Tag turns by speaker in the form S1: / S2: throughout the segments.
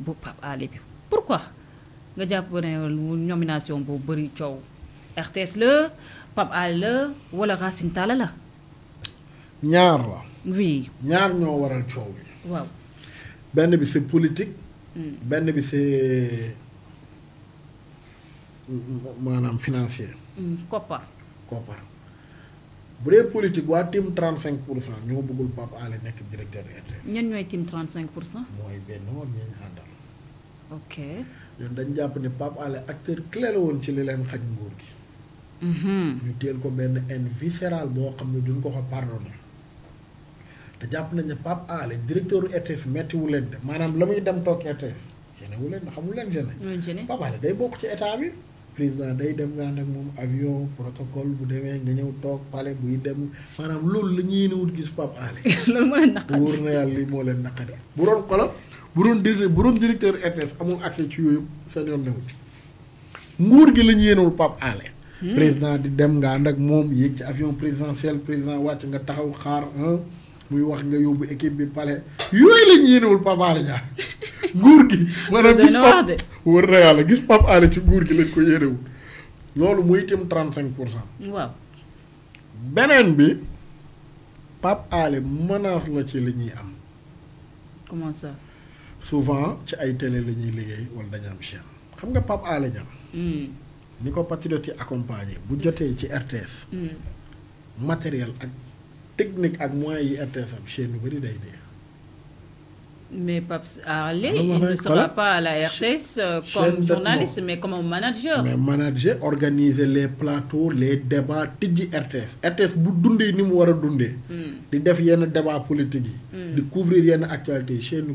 S1: bu Pape bi pourquoi nga jàpp ne nomination bu bëri coow RTS la Pape la wala Racine Talla la.
S2: ñaar la. oui ñaar ñoo waral coow bi. waaw benn bi c'est politique. Hmm. benn bi c'est maanaam financier.
S1: Hmm, koppar.
S2: koppar bu dee politique waa tim 35 pour cent ñoo bëggul Pape nekk directeur RTS.
S1: ñan ñooy tim 35 pour cent.
S2: mooy benn ñooñu àndal. ok ñoom dañ jàpp ni Pape Alé acteur clé la woon ci li leen xaj nguur gi. Mhm. ñu teel ko benn in viscérale boo xam ne duñ ko ko pardonné te jàpp nañ ne Pape Alé directeur RTS metti wu leen de maanaam la muy dem toog RTS gêné wu leen xamul leen gêné. Pape day bokk ci état bi. président day dem kan, nga nak mom avion protocole bu demee nga ñew tok palais bu dem maanaam loolu la ñuy wut gis pap Alé. lool mo len nakati wóor na yalla li mo len nakati bu ron xolo bu ron direct bu ron directeur RTS amul accès ci yoyu seen yoon newul nguur gi la ñu yéenewul Pape Alé. président di dem nga nak mom moom ci avion présidentiel président wacc nga taxaw xaar hein muy wax nga yóbbu équipe bi palais yooyu la ñu yéenewul Pape Alé Niang nguur gi. maanaam gis pap wër na yàlla gis pap aale ci nguur gi lañ ko yéenewu loolu muy itam cinq pour cent. waaw. beneen bi pap ale menace la ci li ñuy am. comment souvent ci ay télé la ñuy liggéey wala dañu am xam nga pap aale ñam. Hmm. ni ko patriote yi accompagné bu jotee ci RTS. Hmm. matériel ak technique ak moyens yi RTS am chaîne yu bëri day dee.
S1: Mais papa, Harley, ah, il ne sera pas à la RTS euh, comme journaliste, mais comme manager. Mais
S2: manager, organiser les plateaux, les débats, Tidji RTS. RTS, vous ni faire hmm. des débats politiques, hmm. couvrir des actualités. Chez nous,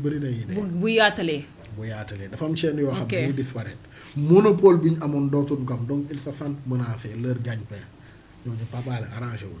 S2: Monopole, donc ils se sentent menacés, leur gagne-pain. Donc, papa, arrangez-vous.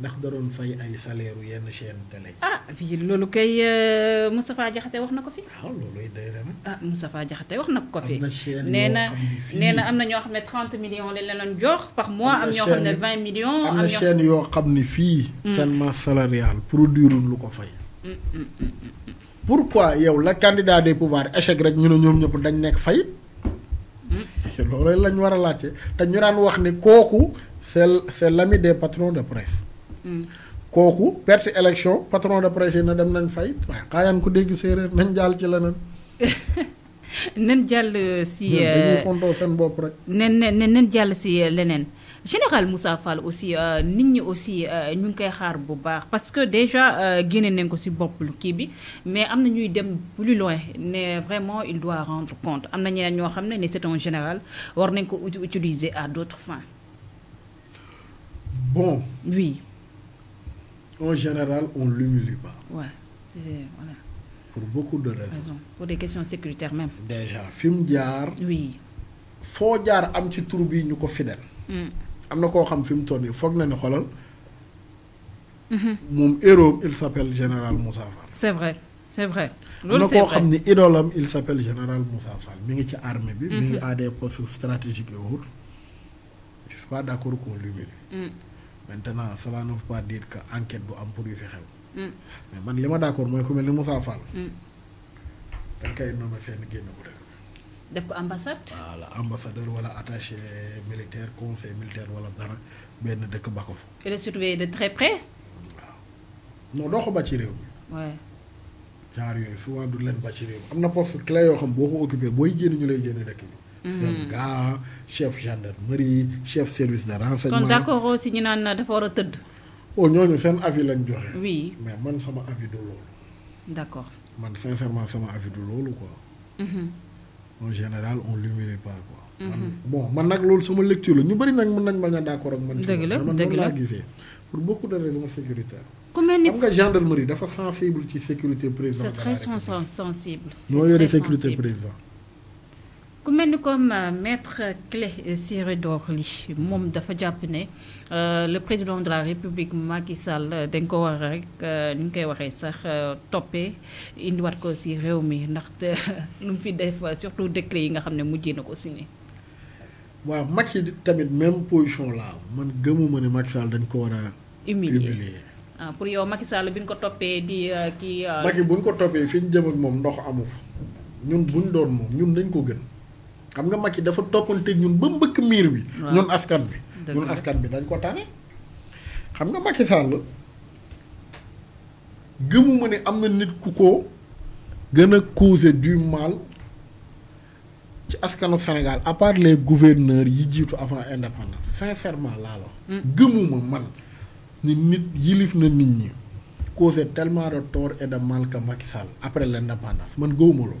S2: ndax da doon fay ay salaire yenn chaîne télé.
S1: ah fii loolu kay euh, Moustapha Diakhaté wax na ko fi. waaw ah, looluy dayra na. ah Moustapha Diakhaté wax na ko fi. am am na ñoo xam ne 30 millions lañ leen doon jox mois. am ñoo xam ne 20 yoo xam ne fii. Mm. seen
S2: masse salariale produire lu ko fay.
S1: Mm, mm,
S2: pourquoi yow la candidat des pouvoirs échec rek ñu ne ñoom ñëpp dañ nekk fayit. loolu lañ war a laajte te ñu daan wax ni kooku c'est c'est l'ami des patrons de presse. kooku perte élection patron de presse na dem nañ fay waaye xaayaan ku dégg séeréer nañ jaal
S1: ci leneen. nen jàll si dañuy euh, fontoo seen bopp rek. nen nen nen jàll si euh, leneen général Moussa Fall aussi euh, nit ñi aussi ñu ngi koy xaar bu baax parce que déjà génne nañ ko si bopp lu kii bi mais am na ñuy dem plus loin ne vraiment il doit rendre compte am na ñeneen ñoo xam ne ne c'est un général war nañ ko utiliser à d'autres fins. bon oui
S2: en général, on ne l'humilie pas.
S1: Ouais, voilà.
S2: Pour beaucoup de raisons.
S1: Pour des questions sécuritaires même. Déjà, film diar. Oui. foo Diar, un
S2: petit tourbi, bi ñu ko fidèle. Hmm. am na un xam fi mu toll nii foog na
S1: mhm.
S2: héros il s'appelle général Moussa
S1: C'est vrai c'est vrai. est
S2: il s'appelle général Moussa Fall mi ngi ci mhm. à des postes stratégiques et autres. je suis pas d'accord qu'on l'humilie. Hmm maintenant cela ne veut pas dire que enquête du am pour yu fi mm. mais man lima d'accord d' accord mooy ku mel ni Moussa Fall. Mm. dañ koy nommé fenn génn bu dëkk.
S1: def ko ambassade. voilà
S2: ambassadeur wala attaché militaire conseil militaire wala dara benn dëkk ba ko fa.
S1: et le de très près.
S2: non do ko ba ci réew mi. waaw. genre yooyu souvent du leen ba ci réew mi poste clé yo xam boo ko occupé booy génn ñu lay génn dëkk
S1: syndicat
S2: mm-hmm. chef gendarmerie chef service de renseignement. kon d'accord
S1: aussi ñu naan dafa wara teud tëdd.
S2: oh ñooñu seen avis lañ joxe.
S1: oui mais man sama avis du loolu. d'accord
S2: man sincèrement sama avis du loolu quoi.
S1: Mm-hmm.
S2: en général on l'humilie pas quoi. Mm-hmm. man bon man nak loolu sama lecture la ñu bari nak mën nañ bañ a d'accord ak man. dëgg la dëgg la gisee pour beaucoup de raisons sécuritaires. ku xam nga gendarmerie dafa sensible ci sécurité président. c'est très
S1: sensible. ñoo yore sécurité président ku mel ni comme euh, maître Clé siré dorli Ly moom dafa jàpp ne euh, le président de la république Macky Sall euh, dañ ko war rek ni ñu koy waxee sax toppee indiwaat ko si réew mi ndaxte lu mu fi def surtout décret yi nga xam ne mujjee na ko signé.
S2: waaw Macky tamit même position la man gëmuma ne Macky Sall dañ ko war a. humilier
S1: ah pour yow Macky Sall bi ñu ko toppee di kii. Macky bu ñu
S2: ko toppee fi ñu jëm ak moom ndox amu fa ñun buñ doon moom ñun dañ ko gën. xam nga Macky dafa toppante ñun ba mbëkk miir bi. ñun askan bi. ñun askan bi dañ ko tane. xam nga Macky Sall gëmuma ni am na nit ku ko gën a causer du mal ci askanu Sénégal à part les yi jiitu avant indépendance sincèrement laa la mm. gëmuma man ni nit yilif na nit ñi causer tellement de tort et de mal que Macky Sall après l' indépendance man gëwuma loolu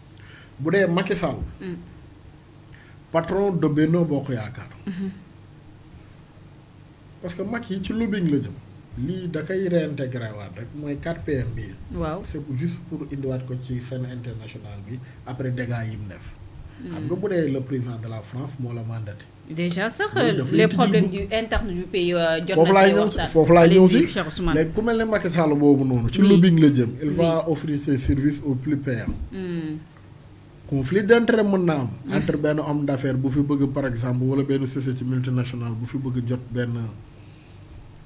S2: bu dee Macky Sall. Mm. patron de Benno Bokk Yaakaar. Mm-hmm. parce que Macky ci lobbying la jëm. lii da koy réintégré waat rek mooy 4PM bi. waaw c' est juste pour indiwaat ko ci scène internationale bi après dégâts yi mu def. Mm. xam nga bu dee le président de la France moo la mandaté.
S1: déjà sax les problèmes du interne du pays. Euh, jot nañu waxtaan foofu laay ñëw foofu laay ñëw si. léegi
S2: ku mel ne Macky Sall boobu noonu. ci lobbying la jëm. il va offrir ses services au plus payant. Mm conflit d'intérêt mën entre benn homme d'affaires bu fi par exemple wala benn société multinationale bu fi bëgg jot benn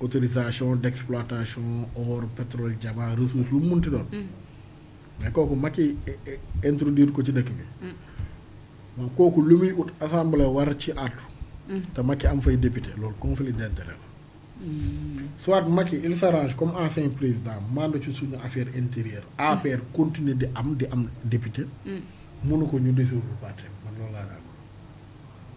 S2: autorisation d'exploitation or pétrole jama ressource lu mu munti doon. Mm. mais kooku Macky eh, eh, introduire ko ci dëkk bi. moom kooku lu muy ut assemblée war ci àttu. Mm. te Macky am fay député loolu conflit d'intérêt mm. soit Macky il s'arrange comme ancien président mandat ci suñu affaire intérieure APR continuer di am di am député mënu ko ñu dissoudre parti man loolu laa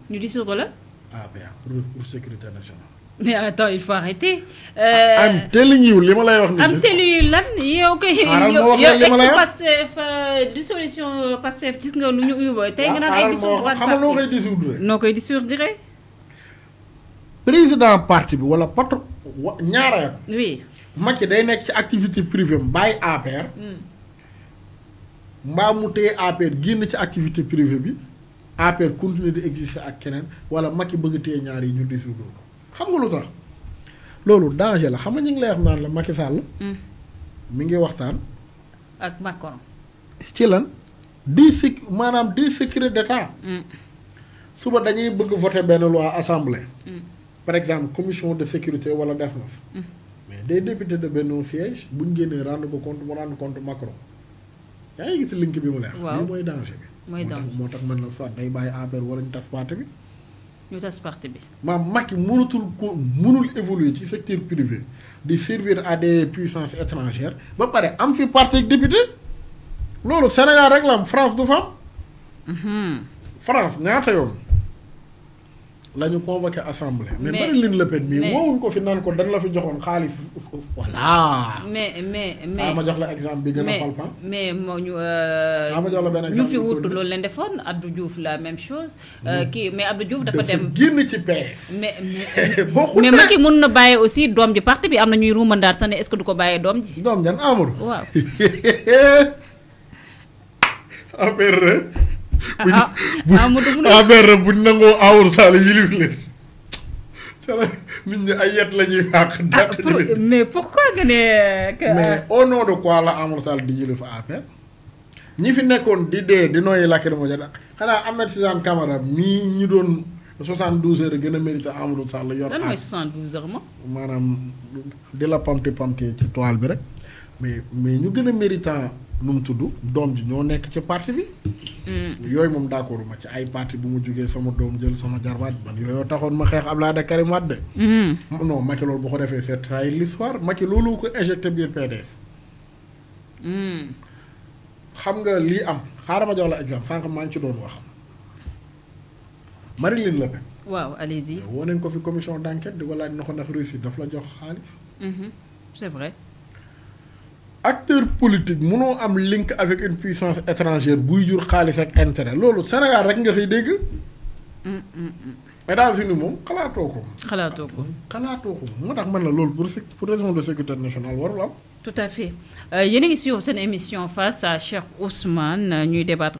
S1: ñu dissoudre la. Ah, ah pour
S2: pour sécurité nationale.
S1: mais attends il faut arrêter. Euh, ah, am telling you, li ma lay wax. am yow kay. Ah, ex euh, dissolution euh, gis nga ñu uyu tey nga naan ay dissoudre xam noo koy dissoudre. noo koy président parti bi wala patron oui
S2: day nekk ci activité privée APR. mbaa mu téye APR génn ci activité privée bi APR continuer di exister ak keneen wala Macky bëgg a téye ñaar yi ñu dissoudre ko xam nga lu sax loolu danger la xam nga ñu ngi lay wax naan la Macky Sall. Hmm. mi ngi waxtaan. ak Macron. ci lan di si maanaam di secret d'État. Hmm. suba dañuy bëgg voter benn loi assemblée. Hmm. par exemple commission de sécurité wala défense. mais des députés de benn siège bu génnee rendre ko compte mu rendre compte Macron. yaa ngi gis link bi mu leer. waaw lii mooy danger bi. mooy danger moo tax man la soit day bàyyi APR wala ñu tas parti bi.
S1: ñu tas parti bi.
S2: maam Macky mënatul ko mënul évoluer ci secteur privé di servir à des puissances étrangères ba pare am fi parti député loolu Sénégal rek la am France du fa am. Mhm. France ñaata yoon. la ñu convoqué assemblée. mais mais Marine Le Pen mii woowuñ ko fi naan ko dañ la fi joxoon xaalis.
S1: voilà. mais mais mais ah ma jox la exemple bi gën a palpant. mais moo ñu. ah ma jox la benn exemple ñu fi wut loolu leen defoon Abdou Diouf la même chose. Euh, hmm. kii mais Abdou Diouf dafa dem génn ci PS. mais mais Macky mun na bàyyi aussi doom ji parti bi am na ñuy ruumandaat sax ne est-ce que du ko bàyyee doom ji. doom jan amul. waaw.
S2: affaire. affaire ah, ah, bu ñu nangoo awur saala yilif leen nit ñi ay yet la ñuy fàq. Ah, dàq mais pourquoi nga ne que. mais au nom de quoi la Amadou Sall di yilif affaire ñi fi nekkoon di dee di nooy lacrymogène xanaa Ahmed Suzanne Camara mii ñu doon 72 heures gën a mérité Amadou Sall yor. lan mooy
S1: 72 heures moom.
S2: maanaam di la pamti pamti ci toile bi rek mais mais ñu gën a méritant. nu tudd ji ñoo nekk ci parti bi. Mm. yooyu moom ma ci ay parti bu mu jugee sama doom jël sama jarbaat man yooyoo taxoon ma xeex Abdoulaye Karim mm-hmm. mm, non ci loolu bu ko defee c'est trahir l'histoire ci loolu ko éjecté biir PDS. Mm. xam nga am jox la exemple ci doon wax. Le Pen. waaw allez-y. ko commission d'enquête De ko daf la mm-hmm. c'est vrai acteur politique munoo am link avec une puissance étrangère buy jur xaalis ak intérêt loolu Sénégal rek nga koy dégg.
S1: États-Unis moom xalaatoo ko. xalaatoo ko xalaatoo ko
S2: moo tax man la loolu pour pour raison de sécurité
S1: nationale warul am. tout à fait euh, yéen a ngi suivre seen émission face à Cheikh Ousmane ñuy débattre.